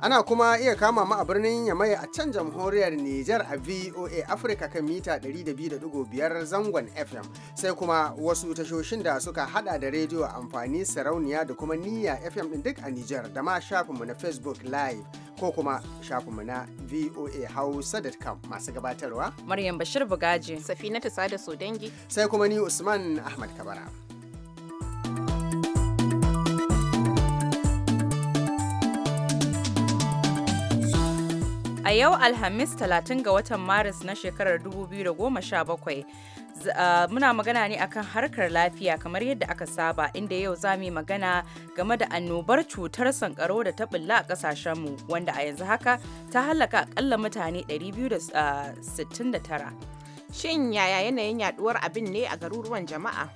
Ana kuma iya kama mu a birnin Yamai a can jamhuriyar Nijar a VOA Africa kan mita 200.5 zangon FM sai kuma wasu tashoshin da suka hada da rediyo amfani sarauniya da kuma niyya FM din duk a Nijar da ma shafinmu na Facebook Live ko kuma shafinmu na VOA Hausa.com masu gabatarwa. Maryam Bashir Bugaji. Safinatu Sada Sodangi. Sai kuma ni Usman Ahmad Kabara. A yau Alhamis 30 ga watan Maris na shekarar 2017 uh, muna magana ne akan harkar lafiya kamar yadda aka saba inda yau za mu magana game da annobar cutar sankaro da ta bulla a mu wanda a yanzu haka ta halaka akalla mutane 269. Shin yaya yanayin yaduwar abin ne a garuruwan jama'a?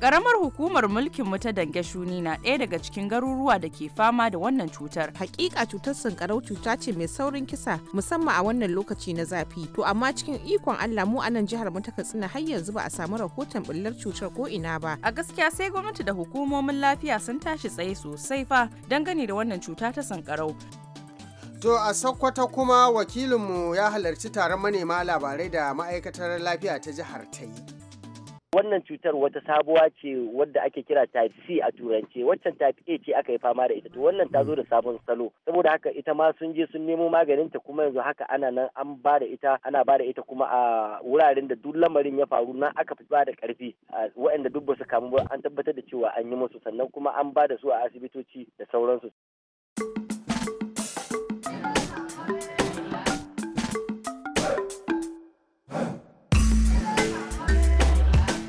karamar hukumar mulkinmu ta Dange Shuni na ɗaya daga cikin garuruwa da ke fama da wannan cutar. Hakika cutar sankarau cuta ce mai saurin kisa musamman a wannan lokaci na zafi. To amma cikin ikon Allah mu a nan jihar mu ta Katsina har yanzu ba a samu rahoton bullar cutar ko ina ba. A gaskiya sai gwamnati da hukumomin lafiya sun tashi tsaye sosai fa gani da wannan cuta ta sankarau. To a Sokoto kuma wakilinmu ya halarci taron manema labarai da ma'aikatar lafiya ta jihar ta yi. wannan cutar wata sabuwa ce wadda ake kira type C a turance waccan type A ce aka yi fama da ita to wannan ta zo da sabon salo saboda haka ita ma sun je sun nemo maganin ta kuma yanzu haka ana nan an ba da ita ana ba da ita kuma a wuraren da duk lamarin ya faru na aka fi ba da karfi waɗanda duk ba kamu ba an tabbatar da cewa an yi musu sannan kuma an ba da su a asibitoci da sauransu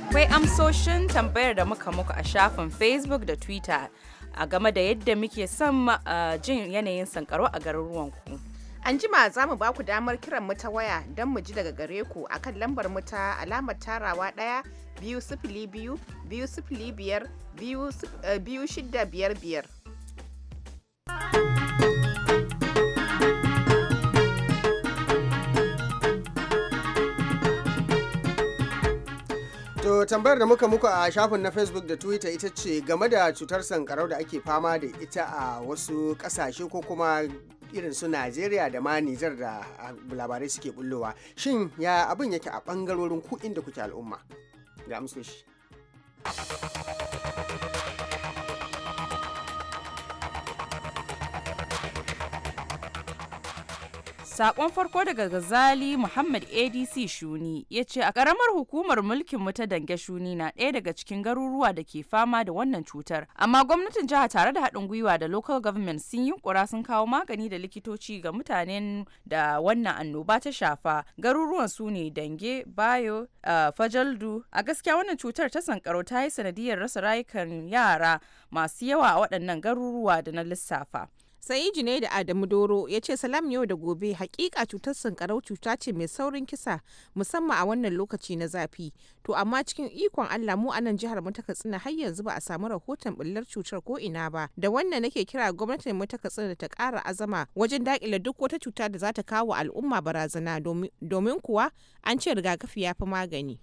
akwai amsoshin tambayar da muka muku a shafin facebook da twitter a game da yadda muke son jin yanayin sankaro a garuruwanku an jima za mu baku damar kiran mu ta waya don mu ji daga gare ku akan lambar mu ta alamar tarawa ɗaya biyu sifili biyu biyu sifili biyar biyu eh, shida biyar biyar tambayar da muka muku a shafin na Facebook da Twitter ita ce game da cutar sankarau da ake fama da ita a wasu kasashe ko kuma irin su Najeriya da ma Nijar da labarai suke bullowa. Shin ya abin yake a bangarorin ku da kuke al'umma? Ga amsoshi. Sakon farko daga Gazali Muhammad ADC Shuni ya ce a karamar hukumar mulkin mu ta Dange Shuni na ɗaya daga cikin garuruwa da ke fama da wannan cutar. Amma gwamnatin jiha tare da haɗin gwiwa da local government sun yi kura sun kawo magani da likitoci ga mutanen da wannan annoba ta shafa. Garuruwan su ne Dange, Bayo, uh, Fajaldu. A gaskiya wannan cutar ta sankaro ta yi sanadiyar rasa rayukan yara masu yawa a waɗannan garuruwa da na lissafa. sai ne da adamu doro ya ce salam yau da gobe hakika cutar sankarau cuta ce mai saurin kisa musamman a wannan lokaci na zafi to amma cikin ikon allah mu a nan jihar mu tsina har yanzu ba a samu rahoton bullar cutar ko ina ba da wannan nake kira gwamnatin mu tsina da ta kara azama wajen dakile duk wata cuta da za ta kawo al'umma barazana domin kuwa an ce rigakafi ya fi magani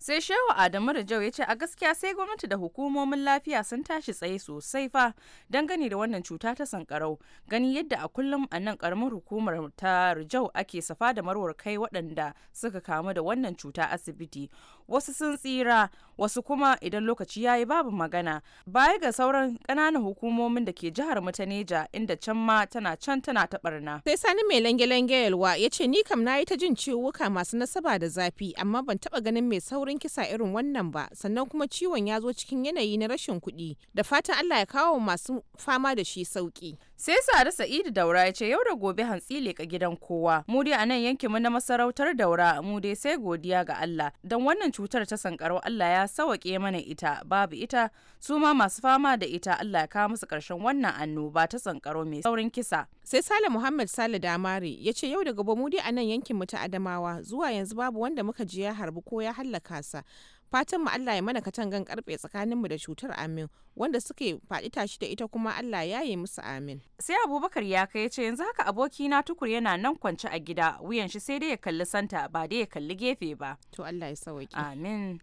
sai shehu adamu da jau ya ce a gaskiya sai gwamnati da hukumomin lafiya sun tashi tsaye sosai fa dangane da wannan cuta ta sankarau gani yadda a kullum a nan karamar hukumar ta rajau ake safa da marwar kai waɗanda suka kamu da wannan cuta asibiti wasu sun tsira wasu kuma idan lokaci yayi babu magana baya ga sauran ƙananan hukumomin da ke jihar mutaneja inda can ma tana can tana ta barna sai sani mai lange-lange yalwa ya ce ni kam nayi ta jin ciwuka masu nasaba da zafi amma ban taba ganin mai saurin kisa irin wannan ba sannan kuma ciwon ya zo cikin yanayi na rashin kuɗi da fatan allah ya kawo masu fama da shi sauki sai sare sa'idu daura ya ce yau da gobe hantsi leka gidan kowa mu dai a nan yankin mu na masarautar daura mu dai sai godiya ga Allah don wannan cutar ta sankarau Allah ya sawake mana ita babu ita su ma masu fama da ita Allah ya kawo musu karshen wannan annoba ta sankarau mai saurin kisa sai Sale Muhammad Sale damari ya ce yau da gobe mu dai a nan yankin mu ta Adamawa zuwa yanzu babu wanda muka ji ya harbi ko ya hallaka sa fatan mu Allah ya mana gan karfe tsakaninmu da cutar amin wanda suke faɗi tashi da ita kuma Allah ya yi musu amin. Sai Abubakar ya kai ce yanzu haka aboki na tukur yana nan kwance a gida wuyan shi sai dai ya kalli santa ba dai ya kalli gefe ba. To Allah ya sauki. Amin.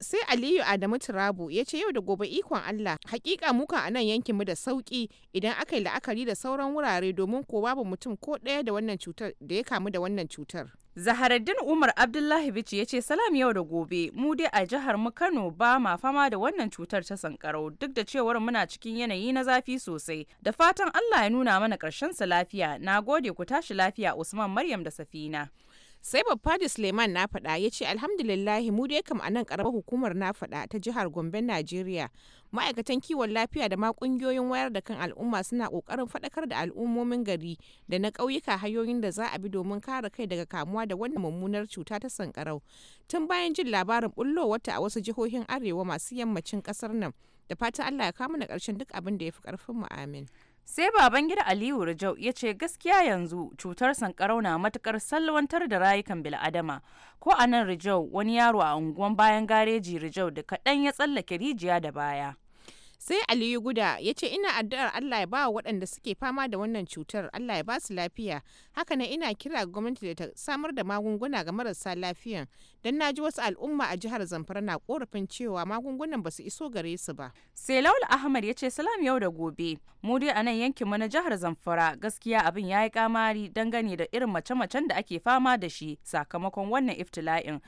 sai aliyu adamu turabu ya ce yau da gobe ikon allah hakika muka a nan yankin mu da sauki idan aka yi la'akari da sauran wurare domin ko babu mutum ko ɗaya da wannan cutar da ya kamu da wannan cutar Zaharaddin Umar Abdullahi Bici ya ce salam yau da gobe mu dai a jihar mu Kano ba ma fama da wannan cutar ta sankarau duk da cewar muna cikin yanayi na zafi sosai da fatan Allah ya nuna mana karshen su lafiya na gode ku tashi lafiya Usman Maryam da Safina. sai babba suleiman na faɗa ya ce alhamdulillahi mu dai kam a nan karamar hukumar na faɗa ta jihar gombe najeriya ma'aikatan kiwon lafiya da ma kungiyoyin wayar da kan al'umma suna kokarin faɗakar da al'ummomin gari da na ƙauyuka hanyoyin da za a bi domin kare kai daga kamuwa da wannan mummunar cuta ta sankarau tun bayan jin labarin bullo wata a wasu jihohin arewa masu yammacin ƙasar nan da fatan allah ya kama na ƙarshen duk abin da ya fi ƙarfin mu amin sai baban gida aliyu rijau ya ce gaskiya yanzu cutar sankarau na matukar salwantar da rayukan bil'adama ko a nan rijau wani yaro a unguwan bayan gareji rijau da kaɗan ya tsallake rijiya da baya sai aliyu guda ya ce ina addu'ar allah ya ba wa waɗanda suke fama da wannan cutar allah ya ba su lafiya haka na ina kira gwamnati da ta samar da magunguna ga marasa lafiyan don na ji wasu al'umma a jihar zamfara na korafin cewa magungunan ba su iso gare su ba sai laul ahmad ya ce salam yau da gobe mu dai a nan yankin mu na jihar zamfara gaskiya abin ya yi kamari dangane da irin mace-macen da ake fama da shi sakamakon wannan iftila'in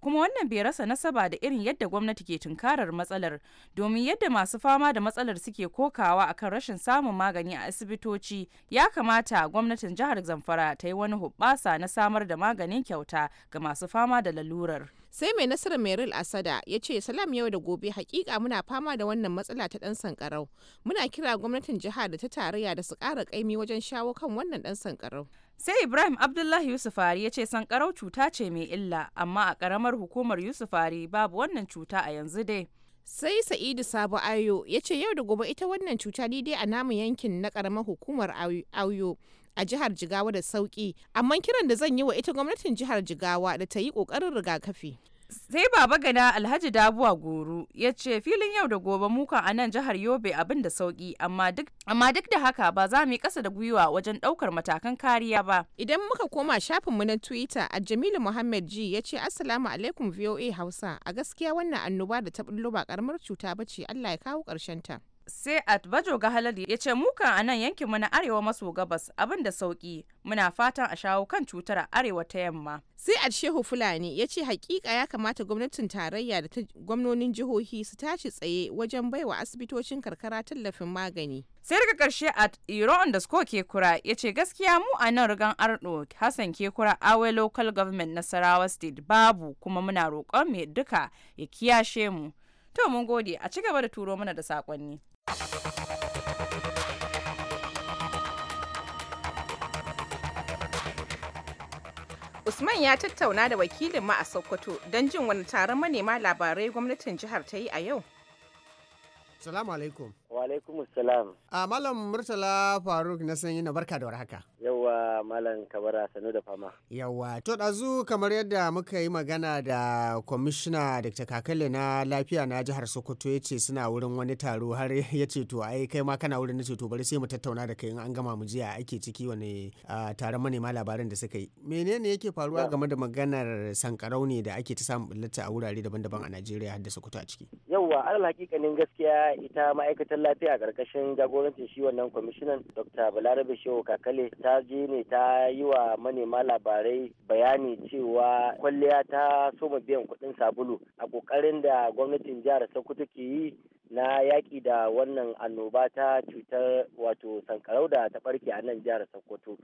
kuma wannan bai rasa nasaba da irin yadda gwamnati ke tunkarar matsalar domin yadda masu fama da matsalar suke kokawa akan rashin samun magani a asibitoci ya kamata gwamnatin jihar zamfara ta yi wani hubbasa na samar da maganin kyauta ga masu fama da lalurar sai mai nasarar meril asada ya ce salam yau da gobe hakika muna fama da wannan matsala ta dan sankarau muna kira gwamnatin jihar da ta tarayya da su kara kaimi wajen shawo kan wannan dan sankarau sai ibrahim abdullahi yusufari ya ce sankarau cuta ce mai illa amma a karamar hukumar yusufari babu wannan cuta a yanzu dai sai sa'idu sabo ayo ya ce yau da gobe ita wannan cuta ni dai a namu yankin na karamar hukumar ayo a jihar jigawa da sauki amma kiran da zan yi wa ita gwamnatin jihar jigawa da ta yi kokarin rigakafi sai baba gana alhaji dabuwa goro ya ce filin yau da gobe muka a nan jihar yobe abin da sauki amma duk da haka ba za mu yi kasa da gwiwa wajen daukar matakan kariya ba idan muka koma shafinmu na twitter a jamilu muhammad ji ya ce assalamu alaikum voa hausa a gaskiya wannan annoba da ta bullo ba karamar cuta ba ce allah ya kawo karshen ta sai at bajo halali ya ce mukan a nan yankinmu na arewa maso gabas abin da sauki muna fatan a shawo kan cutar a arewa ta yamma sai at shehu fulani ya ce hakika ya kamata gwamnatin tarayya da ta gwamnonin jihohi su tashi tsaye wajen baiwa asibitocin karkara tallafin magani sai daga karshe at iro underscore kekura ya ce gaskiya mu a nan rigan ardo hassan kekura awe local government sarawa state babu kuma muna roƙon mai duka ya kiyashe mu To mun gode a ci gaba da turo mana da sakonni. Usman ya tattauna da wakilin ma a Sokoto don jin wani taron manema labarai gwamnatin jihar ta yi a yau. Salamu alaikum. Wa alaikum salam. A Malam Murtala Faruk na sanyi na barka da warhaka. Yawwa Malam Kabara Sanu da fama. Yawwa to ɗazu kamar yadda muka yi magana da kwamishina Dr. Kakale na lafiya na jihar Sokoto ya ce suna wurin wani taro har ya ce to ai kai ma kana wurin na ce to bari sai mu tattauna da kai in an gama mu jiya ake ciki wani taron manema labaran da suka yi. Menene yake faruwa game da maganar sankarau ne da ake ta samun bullata a wurare daban-daban a Najeriya har da Sokoto a ciki? Yawwa alal hakikanin gaskiya ita ma'aikatar ma'aikatar lafiya a ƙarƙashin jagorancin shi wannan kwamishinan dr balarabe shehu kakale ta je ne ta yi wa manema labarai bayani cewa kwalliya ta soma biyan kuɗin sabulu a ƙoƙarin da gwamnatin jihar sokoto ke yi na yaƙi da wannan annoba ta cutar wato sankarau da ta ɓarke a nan jihar sokoto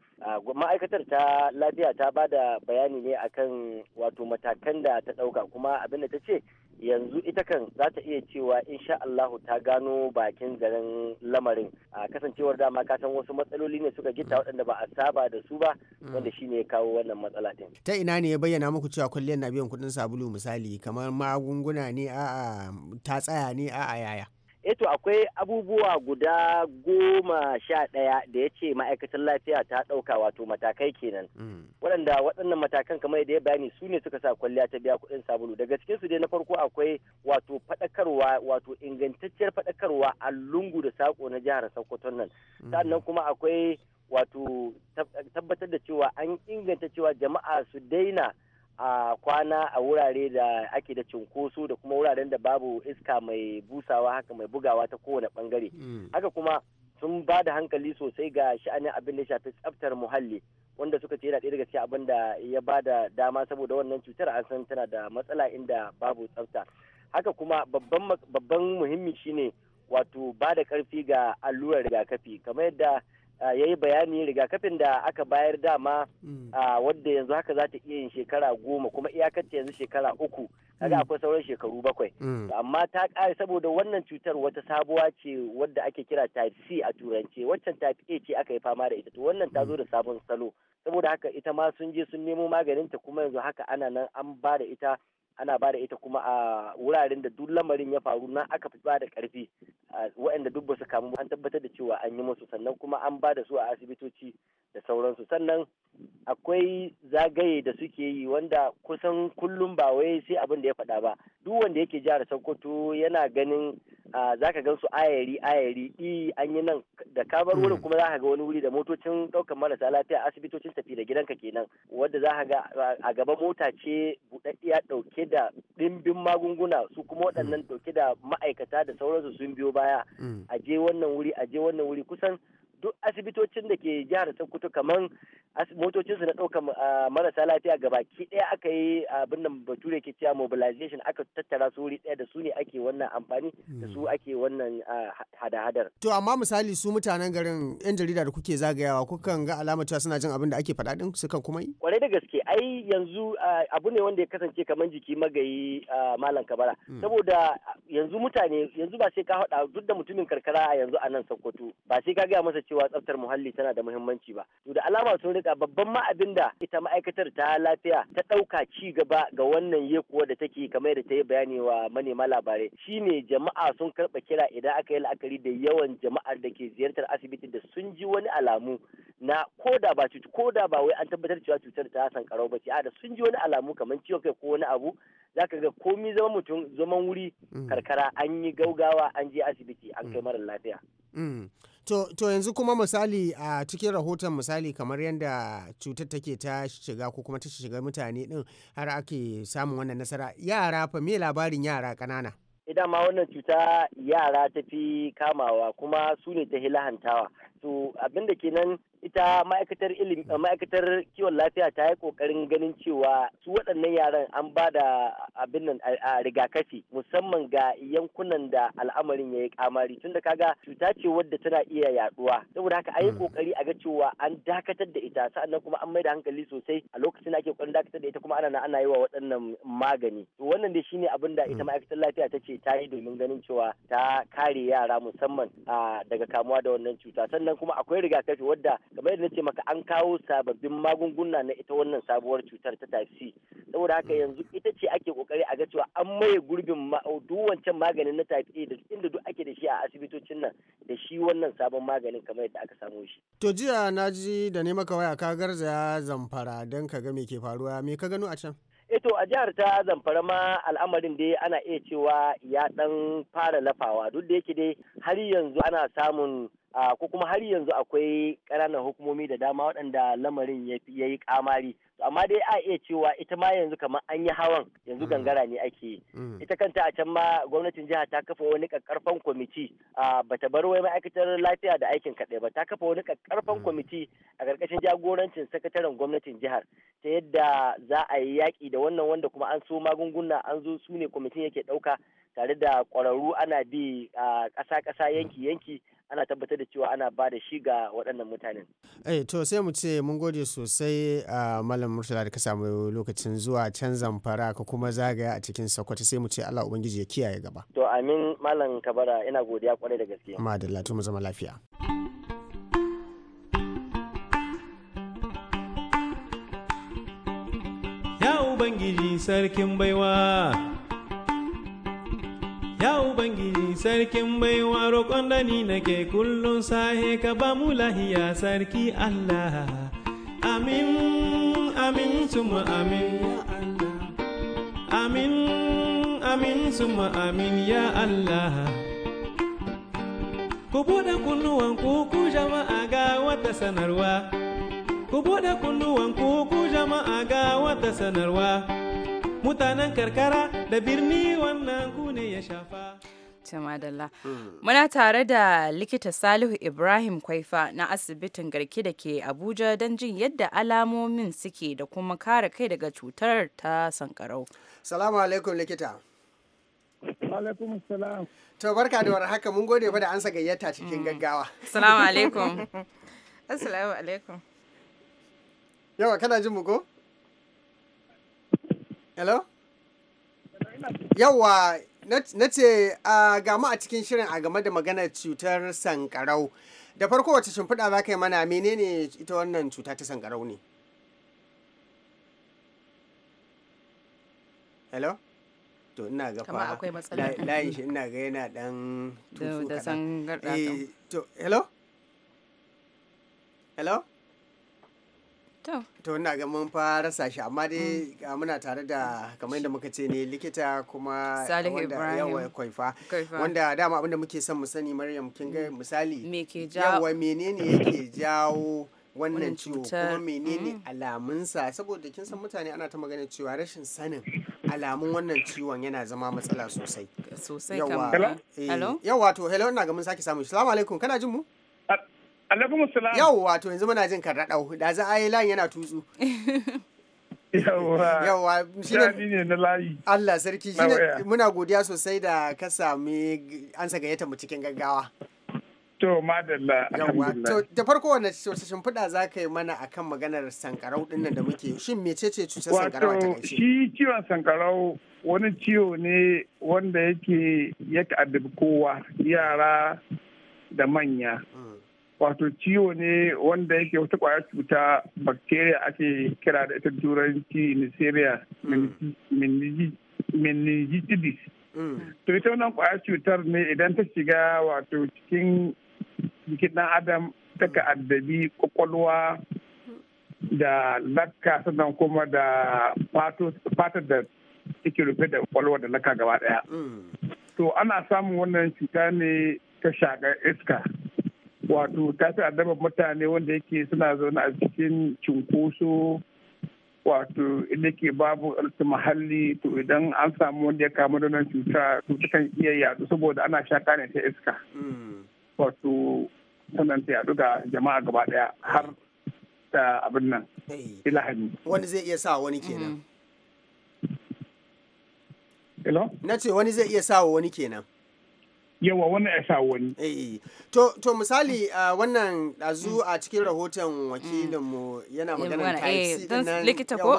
ma'aikatar ta lafiya ta ba da bayani ne akan wato matakan da ta ɗauka kuma abin da ta ce yanzu ita kan za ta iya cewa insha Allahu ta gano bakin garin lamarin a kasancewar dama ka san wasu matsaloli ne suka gita waɗanda ba a saba da su ba mm. wanda shine ya kawo wannan matsala din ta ina ne ya bayyana muku cewa kulliyar na biyan kuɗin sabulu misali kamar magunguna ne a'a ta tsaya ne a'a yaya eto akwai abubuwa guda goma sha ɗaya da ya ce ma'aikatar lafiya ta ɗauka wato matakai kenan mm. waɗanda waɗannan matakan kamar yadda ya bayani su ne suka sa kwalliya ta biya kuɗin sabulu daga cikin su dai na farko akwai wato faɗakarwa wato ingantacciyar faɗakarwa a lungu da sako na jihar sokoto nan mm. sannan kuma akwai wato tabbatar da cewa an inganta cewa jama'a su daina a kwana a wurare da ake da cunkoso da kuma wuraren da babu iska mai busawa haka mai bugawa ta kowane bangare mm. haka kuma sun ba da hankali sosai ga sha'anin abin da ya shafi tsaftar muhalli wanda suka ce yana ɗaya daga cikin abin da ya ba da dama saboda wannan cutar an san tana da matsala inda babu tsafta haka kuma babban muhimmi shine wato ba da ƙarfi ga allurar rigakafi kamar yadda ya yi bayani rigakafin da aka bayar dama hmm. wadda yanzu haka za ta iya yin shekara goma kuma iyakacce yanzu shekara uku kaga hmm. akwai sauran shekaru bakwai hmm. amma ta kare saboda wannan cutar wata sabuwa ce wadda ake kira type C a turance waccan type A ce aka yi fama da ita to wannan ta zo da sabon salo saboda haka ita ma sun je sun nemo maganinta kuma yanzu haka ana nan an ba da ita ana ba da ita kuma a wuraren da duk lamarin ya faru na aka fi ba da karfi waɗanda duk ba su kamu an tabbatar da cewa an yi musu sannan kuma an ba da su a asibitoci da sauransu sannan akwai zagaye da suke yi wanda kusan kullum ba wai sai abin da ya faɗa ba duk wanda yake jihar sokoto yana ganin za ka gan su ayari ayari i an yi nan da ka bar wurin mm. kuma za ka ga wani wuri da motocin ɗaukar marasa lafiya asibitocin tafi da gidanka kenan wadda za ka ga a gaba mota ce buɗaɗɗiya ɗauke da ɗimbin magunguna su kuma mm. waɗannan ɗauke da ma'aikata da sauransu sun biyo baya mm. a je wannan wuri a je wannan wuri kusan duk asibitocin da ke jihar kutu kamar motocinsu na ɗaukar ah, marasa lafiya ga baki ɗaya aka yi ah, abin nan bature ke cewa mobilization aka tattara su wuri ɗaya da su ne ake wannan amfani da su hmm. ake wannan ah, hada-hadar. To amma misali su mutanen garin 'yan jarida da kuke zagayawa kukan ga alamar cewa suna jin abin da ake faɗa ɗin sukan kuma yi? Kwarai da gaske ai yanzu abu ne wanda ya kasance kamar jiki magayi malam kabara. Hmm. Saboda yanzu mutane yanzu ba sai ka haɗa duk da mutumin karkara a yanzu a nan Sokoto ba sai ka gaya masa cewa cewa tsaftar muhalli tana da muhimmanci ba to da alama sun rika babban ma abin da ita ma'aikatar ta lafiya ta ɗauka ci gaba ga wannan yekuwa da take kamar da ta yi bayani wa manema labarai shine jama'a sun karba kira idan aka yi la'akari da yawan jama'ar da ke ziyartar asibiti da sun ji wani alamu na ko ba koda ba wai an tabbatar cewa cutar ta sankarau ba ce a da sun ji wani alamu kamar ciwon kai ko wani abu zaka ga komi zama mutum zaman wuri mm. karkara an yi gaugawa an je asibiti an kai mm. mara lafiya. Mm. To, yanzu kuma misali a cikin rahoton misali kamar yadda cutar take ta shiga ko kuma ta shiga mutane din har ake samun wannan nasara yara fa me labarin yara kanana Idan eh, ma wannan cuta yara ta fi kamawa kuma su ne ta hilahantawa wato abinda kenan ita ma'aikatar ilimi eh, ma'aikatar kiwon lafiya ta yi kokarin ganin cewa su waɗannan yaran an ba da abin nan a rigakafi musamman ga yankunan da al'amarin ya yi kamari tunda kaga cuta ce wadda tana iya yaduwa saboda haka an yi kokari hmm. a ga cewa an dakatar da ita sa'annan kuma an mai da hankali sosai a lokacin da ake kokarin dakatar da ita kuma ana ana yi wa waɗannan magani to wannan dai shine abin da ita hmm. ma'aikatar lafiya ta ce ta yi domin ganin cewa ta kare yara musamman ah, daga kamuwa da wannan cuta sannan sannan kuma akwai rigakafi wadda kamar yadda nace maka an kawo sababbin magunguna na ita wannan sabuwar cutar ta tafi saboda haka yanzu ita ce ake kokari a ga cewa an maye gurbin duk wancan maganin na tafi da inda duk ake da shi a asibitocin nan da shi wannan sabon maganin kamar yadda aka samo shi to jiya na ji da ne maka waya ka garzaya zamfara don ka ga me ke faruwa me ka gano a can eto eh a jihar ta zamfara ma al'amarin dai ana iya cewa ya dan fara lafawa duk da yake dai har yanzu ana samun ko kuma har yanzu akwai ƙananan hukumomi da dama waɗanda lamarin ya yi kamari amma dai a iya cewa ita ma yanzu kamar an yi hawan yanzu mm. gangara ne ake yi mm. ita kanta a can ma gwamnatin jiha ta kafa wani karfan kwamiti ba ta bar wai ma'aikatar lafiya da aikin kaɗai ba ta kafa wani karfan mm. kwamiti a karkashin jagorancin sakataren gwamnatin jihar ta yadda za a yi yaƙi da wannan wanda kuma an so magunguna an zo su ne kwamitin yake ɗauka tare da ƙwararru ana bi a ƙasa-ƙasa yanki-yanki ana tabbatar da cewa ana ba da shi ga waɗannan mutanen. Eh, to sai mu ce mun gode sosai a malam murtala da ka samu lokacin zuwa can zamfara ka kuma zagaya a cikin sokoto sai mu ce allah ubangiji ya kiyaye gaba to amin malam kabara ina godiya kwarai da gaske madalla to mu zama lafiya ya ubangiji sarkin baiwa Ya Ubangiji sarkin baiwa roƙon da ni nake kullum sahe ka ba mu lahiya sarki Allah. Amin. amin suma amin Allah amin amin suma amin ya Allah ku bude kunuwan ku ku jama'a ga wata sanarwa ku bude kunnuwan ku ku jama'a ga wata sanarwa mutanen karkara da birni wannan ku ne ya shafa Tumadalla. Mm. Muna tare da likita Salihu Ibrahim Kwaifa na asibitin garki da ke Abuja don jin yadda alamomin suke da kuma kare kai daga cutar ta sankarau. Salamu alaikum likita. alaikum salam. To barka da haka mun gode ba da ansa gayyata cikin mm. gaggawa. salamu alaikum. Assalamu alaikum. Yawa kana jin mu ko? Hello? Yawa na ce ga mu a cikin shirin a game da maganar cutar sankarau da farko wace shimfiɗa za ka yi mana menene ita wannan cuta ta sankarau ne hello to ina ga fa layin shi ina ga yana dan tutsu kaɗan eh, hello hello to ina ga mun fara sashi amma dai muna tare da kamar yadda muka ce ne likita kuma wanda Ibrahim yawa kwaifa wanda dama abinda muke son mu sani Maryam kin ga mm. misali yawa menene yake jawo wannan ciwo kuma menene mm. alamunsa saboda kin san mutane ana ta magana cewa rashin sanin alamun wannan ciwon yana zama matsala sosai sosai yawa eh, to hello ina ga mun sake samu assalamu alaikum kana jin mu alaikum salam yanzu muna jin raɗau da za a yi layin yana tutsu yawwa yawwa shi ne na layi Allah sarki shi ne muna godiya sosai da ka sami an sa gayyata mu cikin gaggawa to madalla yawwa to da farko wannan shimfiɗa za ka yi mana akan maganar sankarau ɗin da muke shin mecece cutar sankarau ta kai shi ciwon sankarau wani ciwo ne wanda yake ya addabi kowa yara da manya mm. wato ciwo ne wanda yake wata kwayar cuta bacteria ake kira da ita turanci neisseria meningitis mm. to ita wannan kwayar cutar ne idan ta shiga wato cikin jikin dan adam ta ka addabi kwakwalwa da lakka sannan kuma da fatar da take rufe da kwakwalwa da laka gaba daya mm. to ana samun wannan cuta ne ta shaga iska wato ta fi daba mutane wanda yake suna zaune a cikin cunkoso wato inda ke babu muhalli to idan an samu wanda ya kamu da nan cuta cuta kan iya yadu saboda ana shaka ne ta iska hmm. wato sannan ta yadu ga jama'a gaba daya har da abin nan ilahani wani zai iya sa wani kenan na ce wani zai iya sa wani kenan yawa wani a sa wani. Eh, to misali wannan ɗazu a cikin rahoton wakilinmu yana eh, maganar type C eh, nan likita ko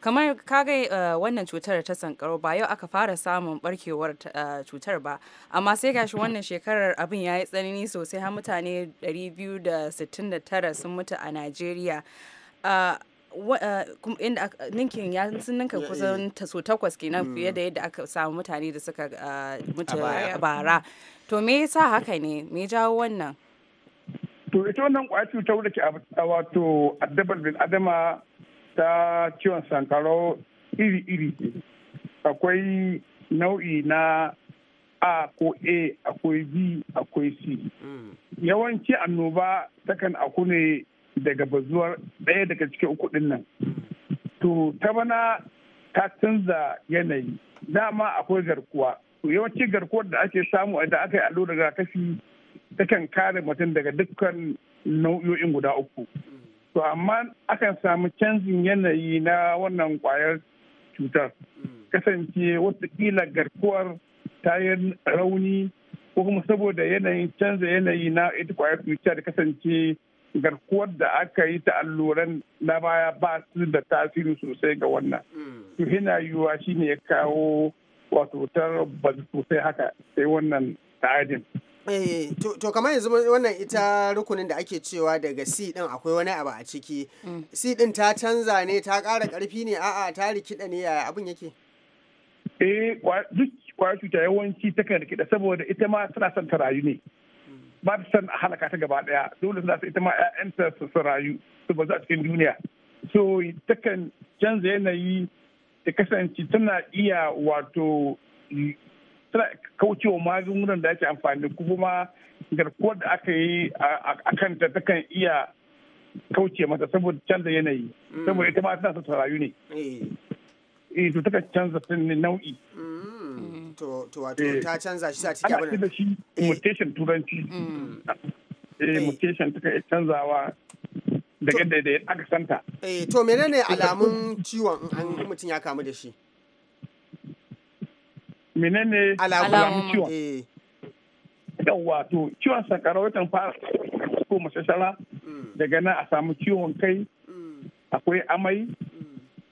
kamar kaga wannan cutar ta sankaro ba yau aka fara samun barkewar cutar ba amma sai gashi wannan shekarar abin ya yi tsanani sosai har mutane 269 sun mutu a Najeriya. Ah, Eh, inda ninkin ya sun ninka kusan eh. taso takwas kenan mm. fiye da yadda aka samu mutane da suka eh, mutu bara to me yasa haka ne me jawo wannan to ita wannan kwaya cutar wadda ke wato addabar bin adama ta ciwon sankaro iri-iri akwai nau'i na a ko a akwai b akwai c mm. yawanci annoba takan aku ne daga bazuwar ɗaya daga cikin uku ɗin nan to ta bana ta canza yanayi dama akwai garkuwa yawanci garkuwar da ake samu da aka yi allurar rigakafi takan kare mutum daga dukkan nau'o'in guda uku to amma akan samu canjin yanayi na wannan kwayar cutar kasance watakila garkuwar ta yi rauni ko kuma saboda yanayin canza yanayi na ita kwayar cutar kasance garkuwar da aka yi ta alluran na baya ba su da tasiri sosai ga wannan. Mm. To yana yiwuwa shi ne ya kawo wato ta sosai haka sai wannan ta'adin. Eh, to kamar yanzu wannan ita rukunin da ake cewa daga C din akwai wani abu a ciki. Mm. C din ta canza ne ta ƙara ƙarfi ne a'a ta rikida ne ya abin yake? Eh, duk kwayar cuta yawanci takan rikida saboda ita ma tana son ta rayu ne. ba ta san halaka ta gaba daya dole za su ita ma 'ya'yanta su rayu su bazu a cikin duniya so takan canza yanayi ta kasance tana iya wato kaucewa magungunan da ake amfani kuma garkuwar da aka yi a kanta takan iya kauce mata saboda canza yanayi mm. saboda ita ma tana su rayu ne eh. eh to takan canza nau'i mm. to wato eh. ta canza shi sa cikin abin da shi eh. mutation turanci mm. eh, eh mutation ta kai canzawa daga da da aka santa eh to menene alamun ciwon an mutum ya kamu da shi menene alamun ciwon eh yawwa to ciwon sankara yakan fara ko masashara mm. daga nan a samu ciwon kai mm. akwai amai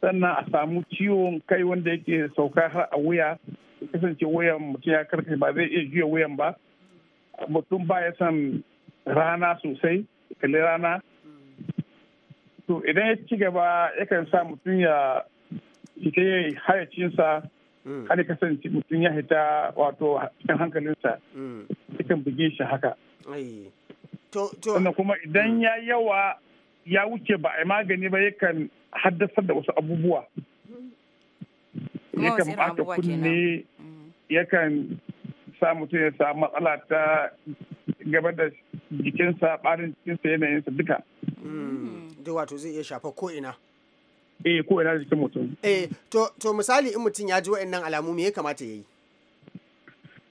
sannan a samu ciwon kai wanda yake sauka har a wuya kasance wayan mutum ya karfe ba zai iya juya wayan ba mutum ba ya san rana sosai kalli rana to idan ya ci gaba kan sa mutum ya fita ya hayacinsa har mm. kasance mutum ya hita wato cikin hankalinsa mm. yakan buge shi haka sannan kuma idan mm. ya yawa ya wuce ba a magani ba yakan haddasar da wasu abubuwa yakan ta kunne yakan sa mutum ya samu matsala ta gaba da jikinsa barin cikinsa yanayinsa duka. Mm. Duk wato zai iya shafa ko'ina. Eh ko'ina da jikin mutum. Eh to misali in mutum ya ji waɗannan alamu me ya kamata ya yi?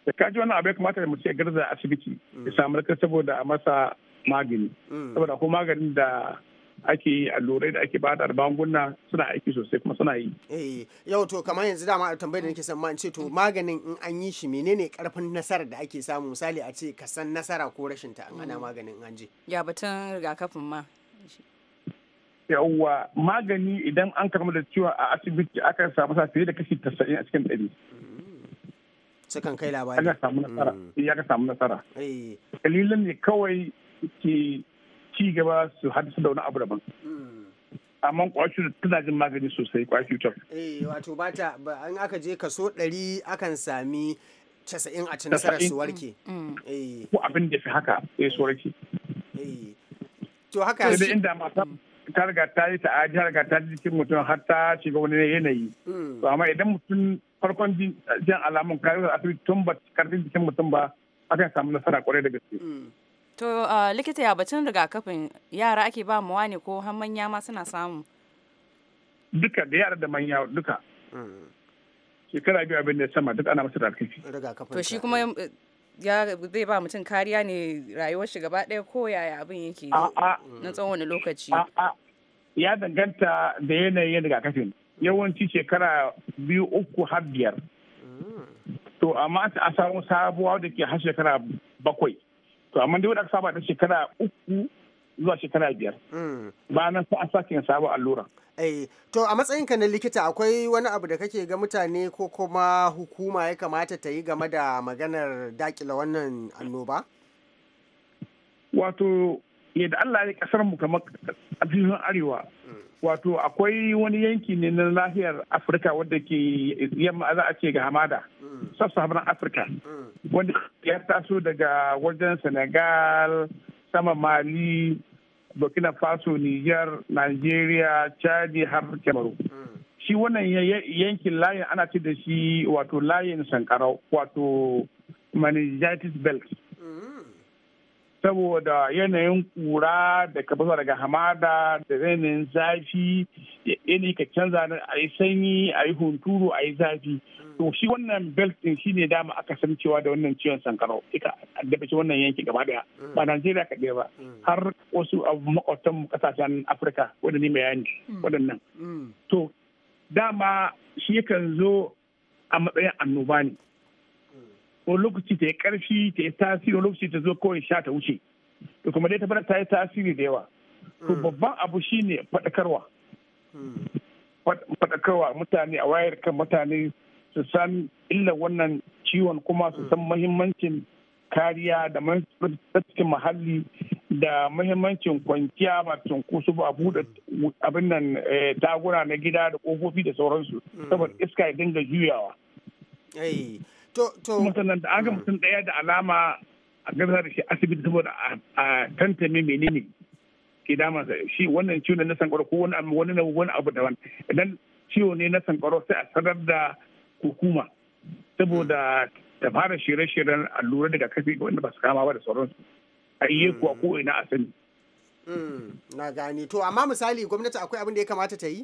Da ka ji wani abu ya kamata da mutum ya garza asibiti ya mm. samu saboda a masa magani. Mm. Saboda ko maganin da ake yi allurai da ake bada magunguna suna aiki sosai kuma suna yi. Eh yau to kamar yanzu dama a tambayar da nake son ma ce to maganin in an yi shi menene karfin nasarar da ake samu misali a ce ka san nasara ko rashin ta an ana mm. maganin an je. Ya batun rigakafin ma. Yawwa magani idan an karɓi da ciwon a asibiti aka samu sa fiye da kashi tasa'in a cikin ɗari. Mm. Sukan kai labari. Aka samu nasara. Ya mm. eh, ka samu nasara. Kalilan eh. ne kawai ke ci gaba su haddasa da wani abu daban amma kwashi tana jin magani sosai kwashi cutar eh wato bata an aka je kaso ɗari akan sami casa'in a ci nasarar su warke mm. eh. ko abin da fi haka ya eh, su warke eh. to haka sai inda mata ta riga ta yi ta ta riga ta cikin mutum har ta shiga wani yanayi mm. to amma idan mutum farkon jin alamun kare asibiti tun ba karfin jikin mutum ba akan samu nasara kwarai da gaske mm. To uh, likita ya batun rigakafin yara ake ba mawa ne ko har manya ma suna samu? Duka da yara da manya duka. Mm. Shekara biyu abin da sama duk ana masa rigakafi. To shi kuma eh. Eh, ya zai ba mutum kariya ne rayuwar shi gaba ɗaya ko yaya abin yake na tsawon wani lokaci. Ya danganta da yanayin rigakafin. Yawanci shekara biyu uku har biyar. Mm. To amma a samu sabuwa da ke har shekara bakwai. to amma dai wadda saba ta shekara uku zuwa shekara biyar mm. Ba nan sa a sake sabon allura eh, to a matsayin ka na likita akwai wani abu da kake ga mutane ko kuma hukuma ya kamata ta yi game da maganar dakila wannan annoba? Wato, yadda Allah ya kasar mu kamar arewa wato akwai wani yanki ne na nahiyar afirka wadda ke yamma za a ce ga hamada sub-saharan afirka wanda ya taso daga wajen senegal sama mali burkina faso niger nigeria chadi har kamaru. shi wannan yankin layin ana ce da shi wato layin sankarau wato meningitis belt saboda yanayin kura da ka fasa daga hamada da yanayin zafi yanayi ka canza a yi sanyi a yi hunturu a yi zafi to shi wannan belt din shi ne dama aka san cewa da wannan ciwon sankarau ika shi wannan yanki gaba daya ba najeriya ka ba har wasu abu makwabtan kasashen afirka wanda ne mai waɗannan mm. Mm. to dama shi yakan zo a matsayin annoba ne wani lokaci ta yi karfi ta yi tasiri wani lokaci ta zo kawai sha ta wuce to kuma dai ta ta yi tasiri da yawa to hmm. babban abu shine faɗakarwa hmm. faɗakarwa mutane a wayar kan mutane su san illar wannan ciwon kuma su san hmm. mahimmancin kariya da mahimmancin muhalli da mahimmancin kwanciya ba cunkoso ba buɗe abin nan eh, taguna na gida da ƙofofi da sauransu saboda iska ya dinga juyawa. Mm. mutum da an mutum daya da alama a gaza da shi asibiti saboda a tantame menene ke damansa shi wannan ciwo ne na sankaro ko wani wani abu daban idan ciwo ne na sankaro sai a sanar da hukuma saboda ta fara shirye-shiryen allura daga kafi wanda ba su kama ba da sauransu a yi kuwa mm. ko ina a sani. Mm, na gane to amma misali gwamnati akwai abin da ya kamata ta yi?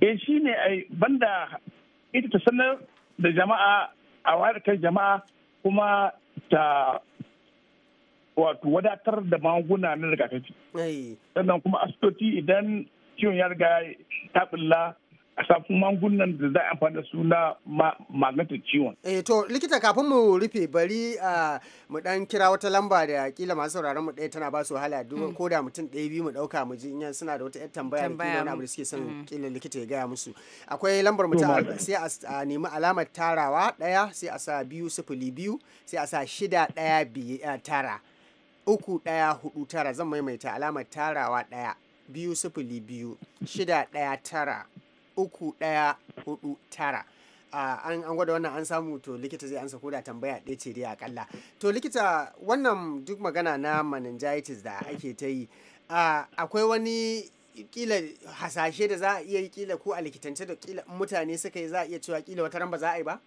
eh shi ne banda ita ta sanar da jama'a a wayar kai jama'a kuma ta wato wadatar da magunguna na rigakafi sannan kuma asibitoci idan ciwon ya riga ta ɓilla. a magungunan da za a amfani da su na magnetic ciwon. Eh to likita kafin mu rufe bari mu dan kira wata lamba da kila masu sauraron mu ɗaya tana ba su wahala duk mm. ko da mutum ɗaya biyu mu ɗauka mu ji in suna da wata ƴar tambaya da kila na da suke son mm. kila likita ya gaya musu. Akwai lambar mu sai a nemi alamar tarawa ɗaya sai a sa biyu sifili biyu sai a sa shida ɗaya tara. Uku ɗaya hudu tara zan maimaita alamar tarawa ɗaya biyu sifili biyu shida ɗaya tara uku ɗaya huɗu tara an gwada wannan an samu to likita zai ansa koda tambaya ɗaya ce dai akalla to likita wannan duk magana na meningitis da ake ta yi akwai wani kila hasashe da za a iya yi kila ko a likitance da kila mutane suka yi za a iya cewa kila wata ramba ba za a yi ba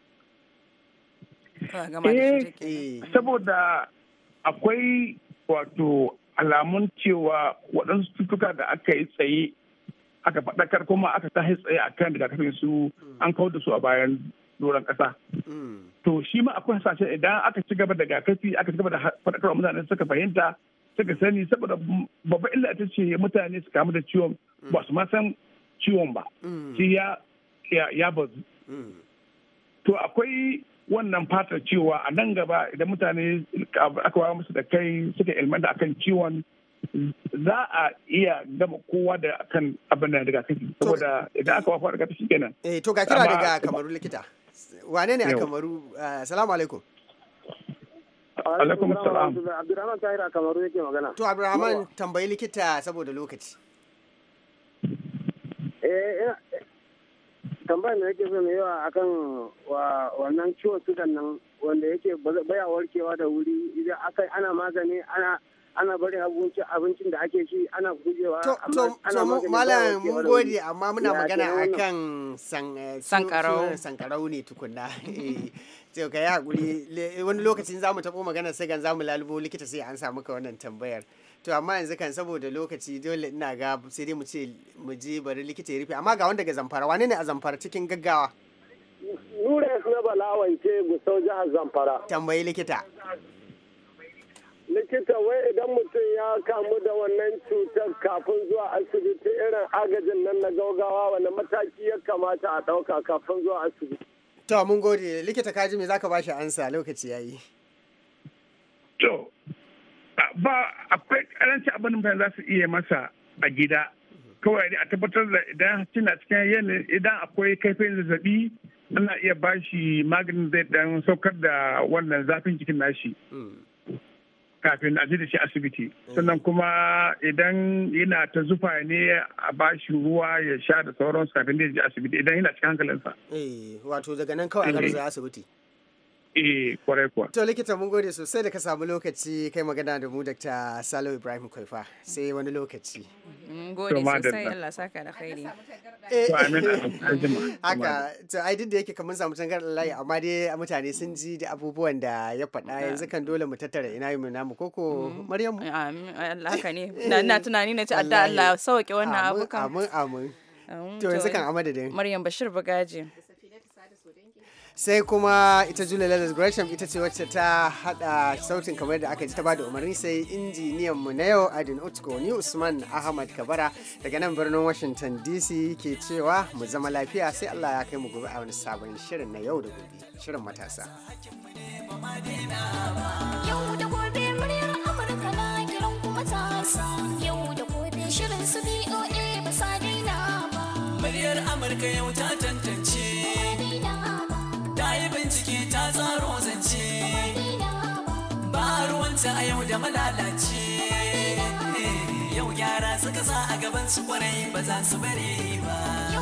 eh, eh. saboda akwai wato alamun cewa waɗansu cutuka da aka yi tsaye aka faɗakar kuma aka tashi tsaye a kan rigakafin su an kawar da su a bayan doron ƙasa. To shi ma akwai hasashen idan aka ci gaba da rigakafi aka ci gaba da wa mutane suka fahimta suka sani saboda babba illa ita ce mutane su kamu da ciwon ba su ma san ciwon ba. Shi ya bazu. To akwai wannan fatar cewa a nan gaba idan mutane aka wawa musu da kai suka ilmanta akan ciwon za a iya gama kowa da kan abin da rigakafi saboda idan aka wafa daga shi kenan. Eh to ga kira daga kamaru likita. Wane ne a kamaru? Eh, salamu alaikum. Alaikum salam. Abdurrahman Tahir a kamaru yake magana. To Abdurrahman tambayi likita saboda lokaci. Eh, eh tambayar da yake son yawa akan wa wannan ciwon sudan nan wanda yake baya warkewa da wuri idan aka ana magani ana ana barin abincin da ake shi ana gujewa to malam mun gode amma muna magana akan eh, sankarau sankarau ne tukunna sai eh, ka ya guri wani lokacin zamu tabo magana sai gan zamu lalubo likita sai an samu ka wannan tambayar to amma yanzu kan saboda lokaci dole ina ga sai dai mu ce mu je bari likita ya rufe amma ga wanda ga zamfara wane ne a zamfara cikin gaggawa nure ya bala wance gusau jihar zamfara tambayi likita likita wai idan mutum ya kamu da wannan cutar kafin zuwa asibiti irin agajin nan na gaugawa wani mataki ya kamata a ɗauka kafin zuwa asibiti. To mun gode likita kaji me zaka bashi ansa lokaci yayi. To ba akwai karanci abin da za su iya masa a gida kawai a tabbatar da idan cina cikin yanayi idan akwai kaifin zazzabi ana iya bashi maganin zai dan saukar da wannan zafin jikin nashi. Hmm. kafin a ji da shi asibiti sannan kuma idan yana ta zufa ne a bashi ruwa ya sha da sauransu kafin da ya ji asibiti idan yana cikin hankalinsa. Eh, wato daga nan kawai a garzaya eh. asibiti. eh kwarai kwa. to likita mun gode sosai da ka samu lokaci kai magana da mu Dr. Salo Ibrahim Kwaifa sai wani lokaci mun gode sosai Allah saka da khairi eh. haka to ai duk da yake kamar samu tangar layi amma dai mutane sun ji da abubuwan da ya faɗa yanzu kan dole mu tattara ina yi namu koko mm-hmm. Maryamu Allah haka ne na tunani na ci Allah Allah sauke wannan abukan amin amin to yanzu kan amadadin Maryam Bashir Bagaji sai kuma ita Julia Leathers Gresham ita ce wacce ta hada sautin kamar da aka ji ta bada umarni sai injiniyan mu na yau Adin Utko ni Usman Ahmad Kabara daga nan birnin Washington DC ke cewa mu zama lafiya sai Allah ya kai mu gobe a wani sabon shirin na yau da gobe shirin matasa yau da gobe muryar Amurka na kiran kuma matasa yau da gobe shirin su BOA ba sa daina ba muryar Amurka yau ta tantance zamansa a yau da malalaci eh, yau gyara suka sa a gaban su kwarai ba za su bari ba